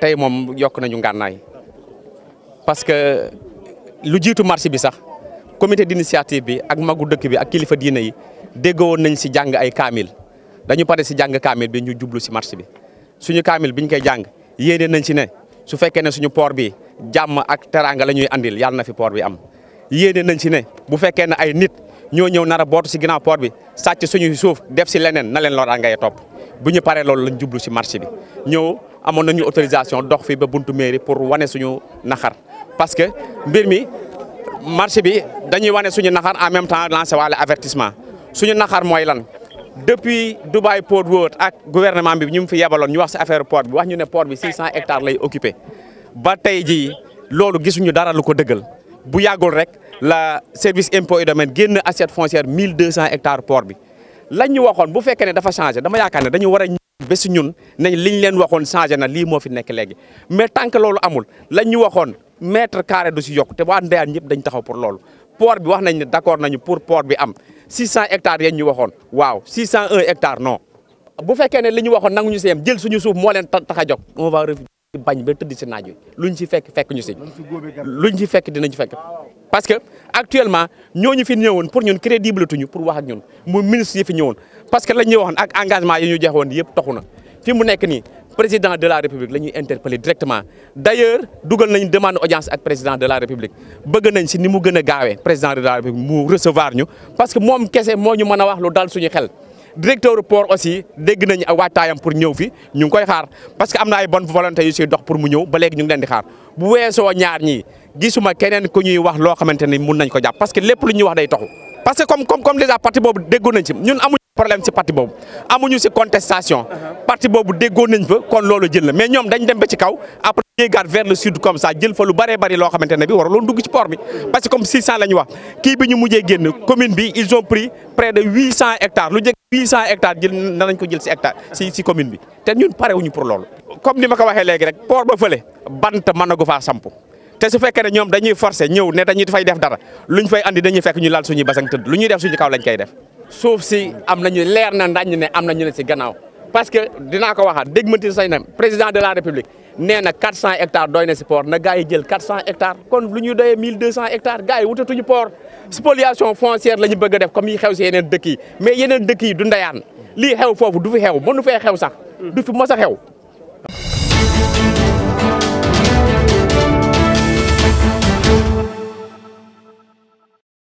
tey moom yokk nañu ngànnaay parce que lu jiitu marché bi sax comité d'initiative bi ak magu dëkk bi ak kilifa diine yi déggoo nañ si jàng ay kaamil dañu pare si jàng kaamil bi ñu jublu si marché bi suñu kaamil ñu koy jàng yéene nañ si ne su fekkee ne suñu port bi jàmm ak teraanga la ñuy andil yàlla na fi port bi am yéene nañ si ne bu fekkee ne ay nit ñoo ñëw nar a bootu si ginnaaw port bi sàcc suñuy suuf def si leneen na leen loraange ngay topp bu ñu paree loolu la jublu si marché bi amoon nañu autorisation dox fi ba buntu mairie pour wane suñu naxar parce que mbir mi marché bi dañuy wane suñu naxar en même temps lancer waale avertissement suñu naxar mooy lan depuis Dubai Port World ak gouvernement bi ñu mu fi yebaloon ñu wax si affaire port bi wax ñu ne port bi 600 hectares lay occupé ba tey ji loolu gisuñu dara lu ko dëggal bu yàggul rek la service impôt et domaine génn assiette foncière 1200 hectares port bi lañ waxoon bu fekkee ne dafa changé ba si ñun nañ liñ leen waxoon changé na lii moo fi nekk léegi mais tant que loolu amul lañ ñu waxoon mètre carré du si yokk te waa Ndeyaan ñëpp dañ taxaw pour loolu port bi wax nañ ne d'accord nañu pour poor bi am 600 hectares yañ ñu waxoon waaw 601 hectares non bu fekkee ne li ñu waxoon ñu si yem jël suñu suuf moo leen tax a jóg on va refuser bañ ba tëdd si naaj luñ si fekk fekk ñu si luñ si fekk dinañ fekk parce que actuellement ñooñu fi ñëwoon pour ñun crédible tuñu pour wax ak ñun mu ministre yi fi ñëwoon parce que la ñuy ak engagement yi ñu joxe woon yëpp taxu na fi mu nekk nii président de la république la ñuy interpellé directement d' dugal nañ demande audience ak président de la république bëgg nañ si ni mu gën gaawe président de la république mu recevoir ñu parce que moom kese moo ñu mën a wax lu dal suñu xel. directeur port aussi dégg nañu waajtaayam pour ñëw fi ñu koy xaar parce que am na ay bonne volonté yu siy dox pour mu ñëw ba léegi ñu ngi xaar bu weesoo ñaar ñii gisuma keneen ku ñuy wax loo xamante ni mun nañ ko jàpp parce que lépp lu ñuy wax day toxu parce que comme comme comme parti boobu déggoon nañ ñun amuñu problème ci parti boobu amuñu ci contestation uh-huh. parti boobu déggoon fa kon loolu jël na mais ñoom dañ dem ba ci kaw après lu bëree comme 800 hectares jël nañ ko jël si ectare si si commune bi te ñun pare wuñu pour loolu. comme ni ma ko waxee léegi rek poor ba fële bant mën ko faa samp te su fekkee ne ñoom dañuy forcer ñëw ne dañuy fay def dara luñ fay andi dañuy fekk ñu laal suñuy basang tëdd lu ñuy def suñu kaw lañ koy def. suuf si am nañu leer na ndañ ne am nañu ne si gannaaw. parce que dinaa ko waxaat dégg manti sañ nam président de la république nee na 400 hectares doy na si port na gars yi jël 400 hectares kon lu ñuy doyee 1200 hectares gars yi wutatuñu port spoliation foncière la ñu bëgg a def comme yi xew si yeneen dëkk yi mais yeneen dëkk yi du ndayaan lii xew foofu du fi xew mënu fee xew sax du fi mos a xew